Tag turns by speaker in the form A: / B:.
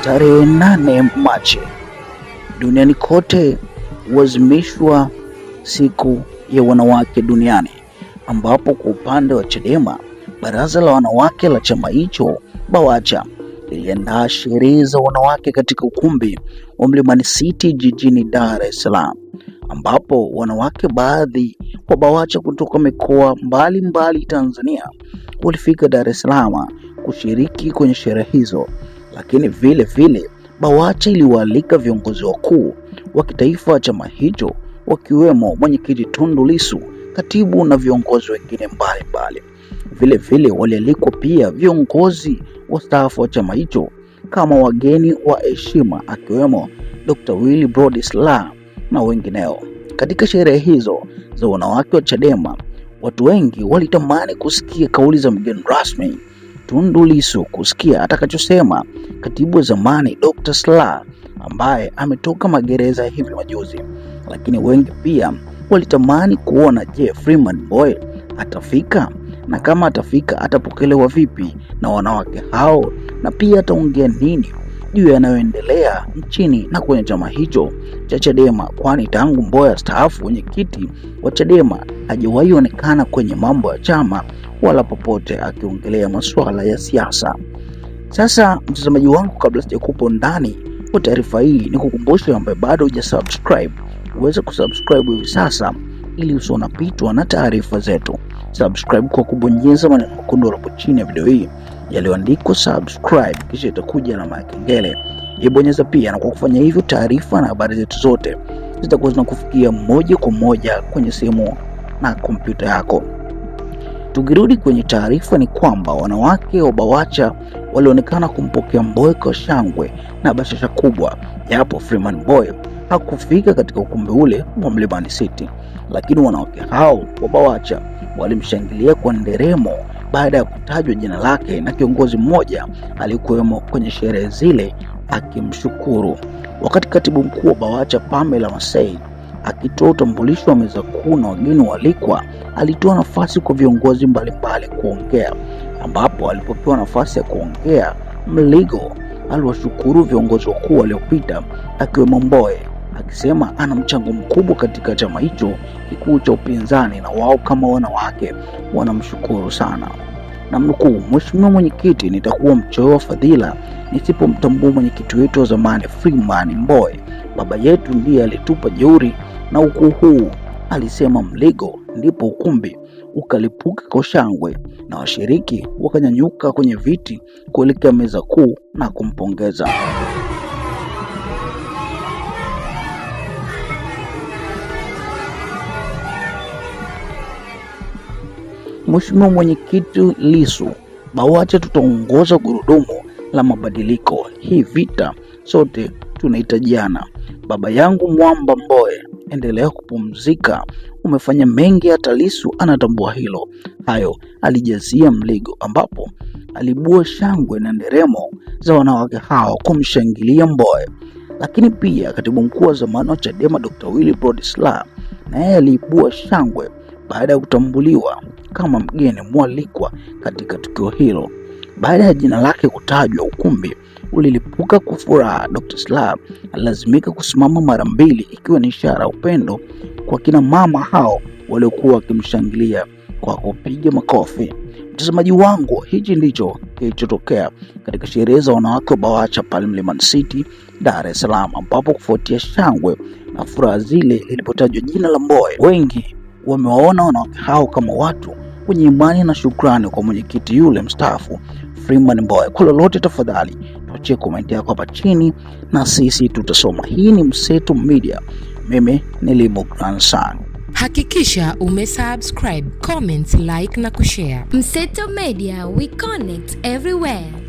A: Tarehe nane Machi duniani kote huazimishwa siku ya wanawake duniani, ambapo kwa upande wa Chadema baraza la wanawake la chama hicho BAWACHA iliandaa sherehe za wanawake katika ukumbi wa Mlimani City jijini Dar es Salaam, ambapo wanawake baadhi wa BAWACHA kutoka mikoa mbalimbali Tanzania walifika Dar es Salaam kushiriki kwenye sherehe hizo, lakini vile vile BAWACHA iliwaalika viongozi wakuu wa kitaifa wa chama hicho wakiwemo mwenyekiti Tundu Lissu, katibu na viongozi wengine mbalimbali. Vilevile walialikwa pia viongozi wastaafu wa chama hicho kama wageni wa heshima akiwemo Dr. Willy Brodsla na wengineo. Katika sherehe hizo za wanawake wa Chadema, watu wengi walitamani kusikia kauli za mgeni rasmi Tundu Lissu, kusikia atakachosema katibu wa zamani Dr. Slaa ambaye ametoka magereza hivi majuzi, lakini wengi pia walitamani kuona je, Freeman Boy atafika? na kama atafika atapokelewa vipi na wanawake hao, na pia ataongea nini juu yanayoendelea nchini na kwenye chama hicho cha Chadema, kwani tangu Mboya staafu kiti wa Chadema hajawahi onekana kwenye mambo ya chama wala popote akiongelea masuala ya siasa. Sasa mtazamaji wangu, kabla sijakupo ndani kwa taarifa hii, ni kukumbusha ambaye bado hujasubscribe uweze kusubscribe hivi sasa, ili usio na taarifa zetu subscribe kwa kubonyeza maneno mekundu hapo chini ya video hii yaliyoandikwa subscribe, kisha itakuja alama ya kengele, ibonyeza pia, na kwa kufanya hivyo taarifa na habari zetu zote zitakuwa zinakufikia moja kwa moja kwenye simu na kompyuta yako. Tukirudi kwenye taarifa ni kwamba wanawake wa BAWACHA walionekana kumpokea Mbowe kwa shangwe na bashasha kubwa, yapo Freeman Mbowe hakufika katika ukumbi ule wa Mlimani City, lakini wanawake hao wa BAWACHA walimshangilia kwa nderemo baada ya kutajwa jina lake na kiongozi mmoja alikuwemo kwenye sherehe zile akimshukuru. Wakati katibu mkuu wa BAWACHA Pamela Masei akitoa utambulisho wa meza kuu na wageni walikwa, alitoa nafasi kwa viongozi mbalimbali kuongea, ambapo alipopewa nafasi ya kuongea, Mligo aliwashukuru viongozi wakuu waliopita akiwemo mboe akisema ana mchango mkubwa katika chama hicho kikuu cha upinzani na wao kama wanawake wanamshukuru sana. Namnukuu, Mheshimiwa Mwenyekiti, nitakuwa mchoyo wa fadhila nisipomtambua mwenyekiti wetu wa zamani Freeman Mbowe. Baba yetu ndiye alitupa jeuri na ukuu huu, alisema Mligo. Ndipo ukumbi ukalipuka kwa shangwe na washiriki wakanyanyuka kwenye viti kuelekea meza kuu na kumpongeza. Mheshimiwa Mwenyekiti Lissu, BAWACHA tutaongoza gurudumu la mabadiliko. Hii vita sote tunahitajiana. Baba yangu Mwamba Mboe, endelea kupumzika. Umefanya mengi, hata Lissu anatambua hilo. Hayo alijazia Mligo, ambapo alibua shangwe na nderemo za wanawake hao kumshangilia Mboe. Lakini pia katibu mkuu wa zamani wa Chadema Dr. Willy Prodislaw naye aliibua shangwe baada ya kutambuliwa kama mgeni mwalikwa katika tukio hilo. Baada ya jina lake kutajwa, ukumbi ulilipuka kwa furaha. Dr. Slaa alilazimika kusimama mara mbili, ikiwa ni ishara ya upendo kwa kina mama hao waliokuwa wakimshangilia kwa kupiga makofi. Mtazamaji wangu, hichi ndicho kilichotokea katika sherehe za wanawake wa BAWACHA pale Mlimani City, Dar es Salaam, ambapo kufuatia shangwe na furaha zile lilipotajwa jina la Mbowe, wengi wamewaona wanawake hao kama watu kwenye imani na shukrani kwa mwenyekiti yule mstaafu Freeman Mbowe. Kwa lolote tafadhali tuachie komenti yako hapa chini na sisi tutasoma. Hii ni Mseto Media, mimi ni Limo Grandson. Hakikisha umesubscribe, comment, like na kushare. Mseto Media, we connect everywhere.